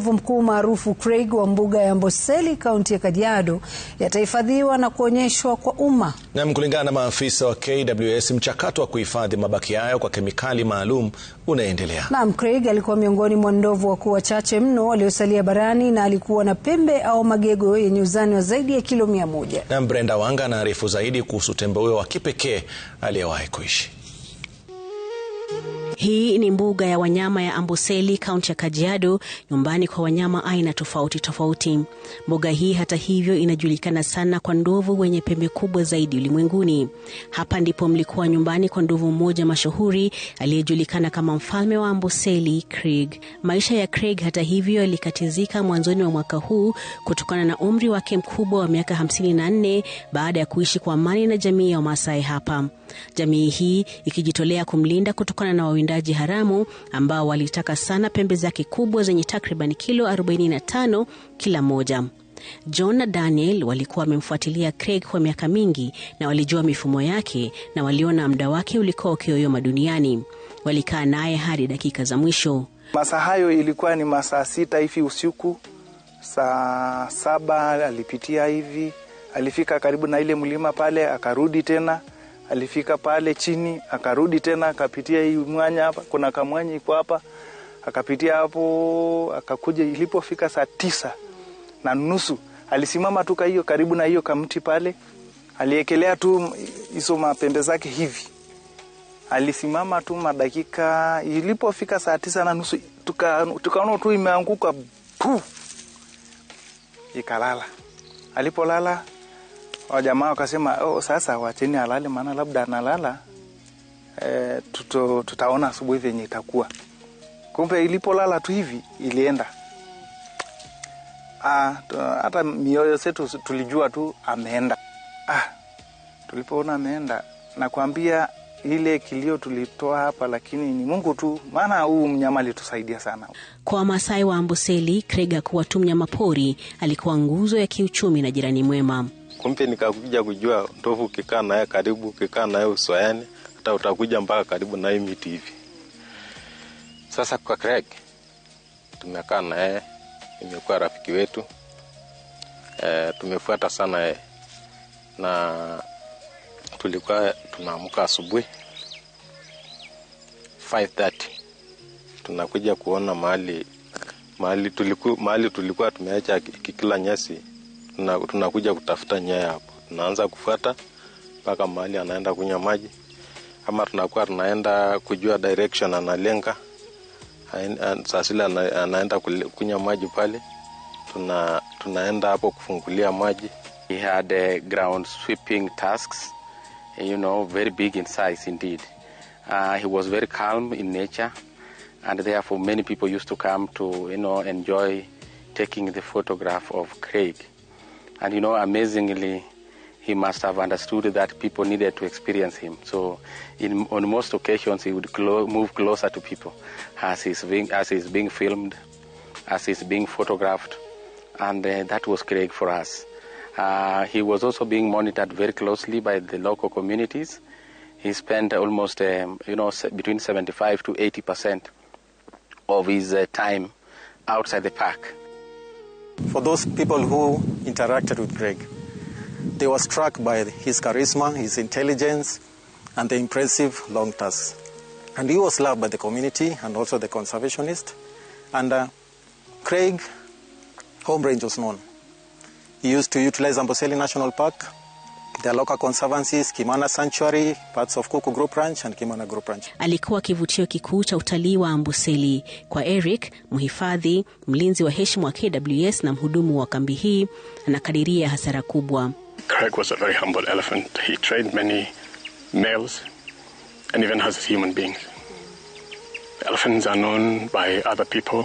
ndovu mkuu maarufu Craig wa mbuga ya Amboseli kaunti ya Kajiado yatahifadhiwa na kuonyeshwa kwa umma. Naam, kulingana na maafisa wa KWS, mchakato wa kuhifadhi mabaki hayo kwa kemikali maalum unaendelea. Naam, Craig alikuwa miongoni mwa ndovu wakuu wachache mno waliosalia barani na alikuwa na pembe au magego yenye uzani wa zaidi ya kilo mia moja. Naam, Brenda Wanga anaarifu zaidi kuhusu tembo huyo wa kipekee aliyewahi kuishi. Hii ni mbuga ya wanyama ya Amboseli, kaunti ya Kajiado, nyumbani kwa wanyama aina tofauti tofauti. Mbuga hii hata hivyo inajulikana sana kwa ndovu wenye pembe kubwa zaidi ulimwenguni. Hapa ndipo mlikuwa nyumbani kwa ndovu mmoja mashuhuri aliyejulikana kama mfalme wa Amboseli, Craig. Maisha ya Craig hata hivyo yalikatizika mwanzoni wa mwaka huu kutokana na umri wake mkubwa wa miaka 54 baada ya kuishi kwa amani na jamii ya Wamasai hapa jamii hii ikijitolea kumlinda kutokana na wawindaji haramu ambao walitaka sana pembe zake kubwa zenye takriban kilo 45 kila moja. John na Daniel walikuwa wamemfuatilia Craig kwa miaka mingi na walijua mifumo yake na waliona muda wake ulikuwa ukioyoma duniani. Walikaa naye hadi dakika za mwisho. Masaa hayo ilikuwa ni masaa sita hivi usiku, saa saba alipitia hivi, alifika karibu na ile mlima pale, akarudi tena alifika pale chini akarudi tena akapitia hii mwanya hapa, kuna kamwanya iko hapa, akapitia hapo akakuja. Ilipofika saa tisa na nusu alisimama tu hiyo karibu na hiyo kamti pale, aliekelea tu hizo mapembe zake hivi, alisimama tu madakika. Ilipofika saa tisa na nusu tukaona tuka tu imeanguka puf, ikalala. Alipolala wajamaa wakasema, oh, sasa wacheni alale, maana labda analala e, tuto, tutaona asubuhi venye itakuwa. Kumbe ilipolala tu hivi ilienda. Ah, hata mioyo setu tulijua tu ameenda. Ah, tulipoona ameenda, nakwambia ile kilio tulitoa hapa, lakini ni Mungu tu, maana huu mnyama alitusaidia sana. Kwa Wamasai wa Amboseli, krega kuwa tu mnyama pori, alikuwa nguzo ya kiuchumi na jirani mwema. Kumbe nikakuja kujua ndovu ukikaa naye karibu, ukikaa naye uswayani, hata utakuja mpaka karibu na hii miti hivi. Sasa kwa Craig tumekaa naye, imekuwa rafiki wetu e, tumefuata sana e na tulikuwa tunaamka asubuhi 5:30 tunakuja kuona mahali mahali tuliku, mahali tulikuwa tumeacha kikila nyasi tunakuja kutafuta nyaya hapo, tunaanza kufuata mpaka mahali anaenda kunywa maji, ama tunakuwa tunaenda kujua direction analenga. Sasile anaenda kunywa maji pale, tuna, tunaenda hapo kufungulia maji. He had a ground sweeping tasks, you know, very big in size indeed. Uh, he was very calm in nature and therefore many people used to come to, you know, enjoy taking the photograph of Craig. And you know, amazingly, he must have understood that people needed to experience him. So, in, on most occasions, he would clo- move closer to people as he's, being, as he's being filmed, as he's being photographed. And uh, that was Craig for us. Uh, he was also being monitored very closely by the local communities. He spent almost, um, you know, between 75 to 80 percent of his uh, time outside the park for those people who interacted with Greg. They were struck by his charisma, his intelligence, and the impressive long tusks. And he was loved by the community and also the conservationists. And uh, Craig Home range was known. He used to utilize Amboseli National Park the local conservancies, Kimana Sanctuary, parts of Kuku Group Ranch and Kimana Group Ranch. Alikuwa kivutio kikuu cha utalii wa Amboseli. Kwa Eric, mhifadhi, mlinzi wa heshima wa KWS na mhudumu wa kambi hii, anakadiria hasara kubwa. Craig was a very humble elephant. He trained many males and even has human beings. Elephants are known by other people.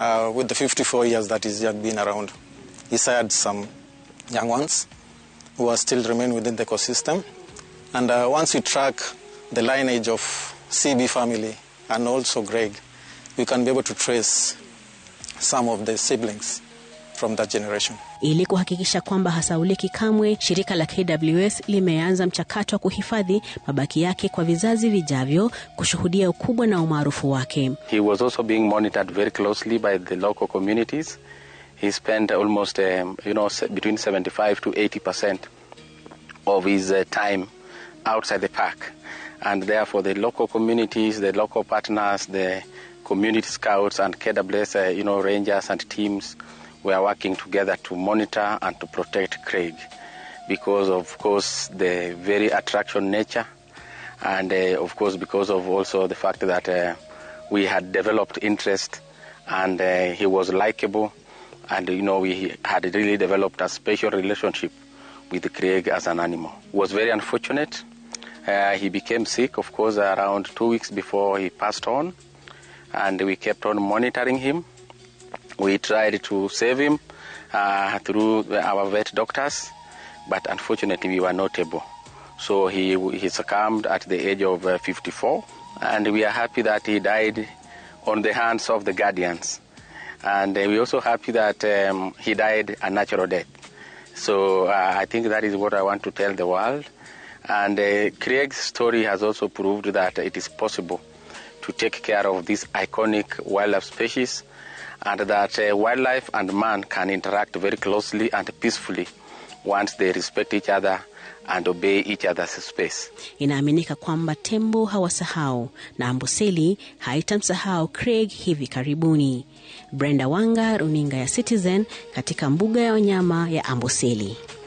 uh, with the 54 years that he had been around. He's hired some young ones who are still remain within the ecosystem. And uh, once we track the lineage of CB family and also Greg, we can be able to trace some of the siblings from that generation. Ili kuhakikisha kwamba hasauliki kamwe, shirika la KWS limeanza mchakato wa kuhifadhi mabaki yake kwa vizazi vijavyo kushuhudia ukubwa na umaarufu wake. He was also being monitored very closely by the local communities. He spent almost um, you know, between 75 to 80% of his uh, time outside the park. And therefore the local communities, the local partners, the community scouts and KWS, uh, you know, rangers and teams we are working together to monitor and to protect Craig because, of course, the very attraction nature, and uh, of course, because of also the fact that uh, we had developed interest and uh, he was likable, and you know, we had really developed a special relationship with Craig as an animal. It was very unfortunate. Uh, he became sick, of course, around two weeks before he passed on, and we kept on monitoring him we tried to save him uh, through our vet doctors, but unfortunately we were not able. So he, he succumbed at the age of uh, 54, and we are happy that he died on the hands of the guardians. And we're also happy that um, he died a natural death. So uh, I think that is what I want to tell the world. And uh, Craig's story has also proved that it is possible to take care of this iconic wildlife species and that uh, wildlife and man can interact very closely and peacefully once they respect each other and obey each other's space. Inaaminika kwamba tembo hawasahau na Amboseli haitamsahau Craig hivi karibuni. Brenda Wanga, runinga ya Citizen katika mbuga ya wanyama ya Amboseli.